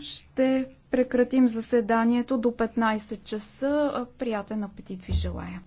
ще прекратим заседанието до 15 часа. Приятен апетит ви желая!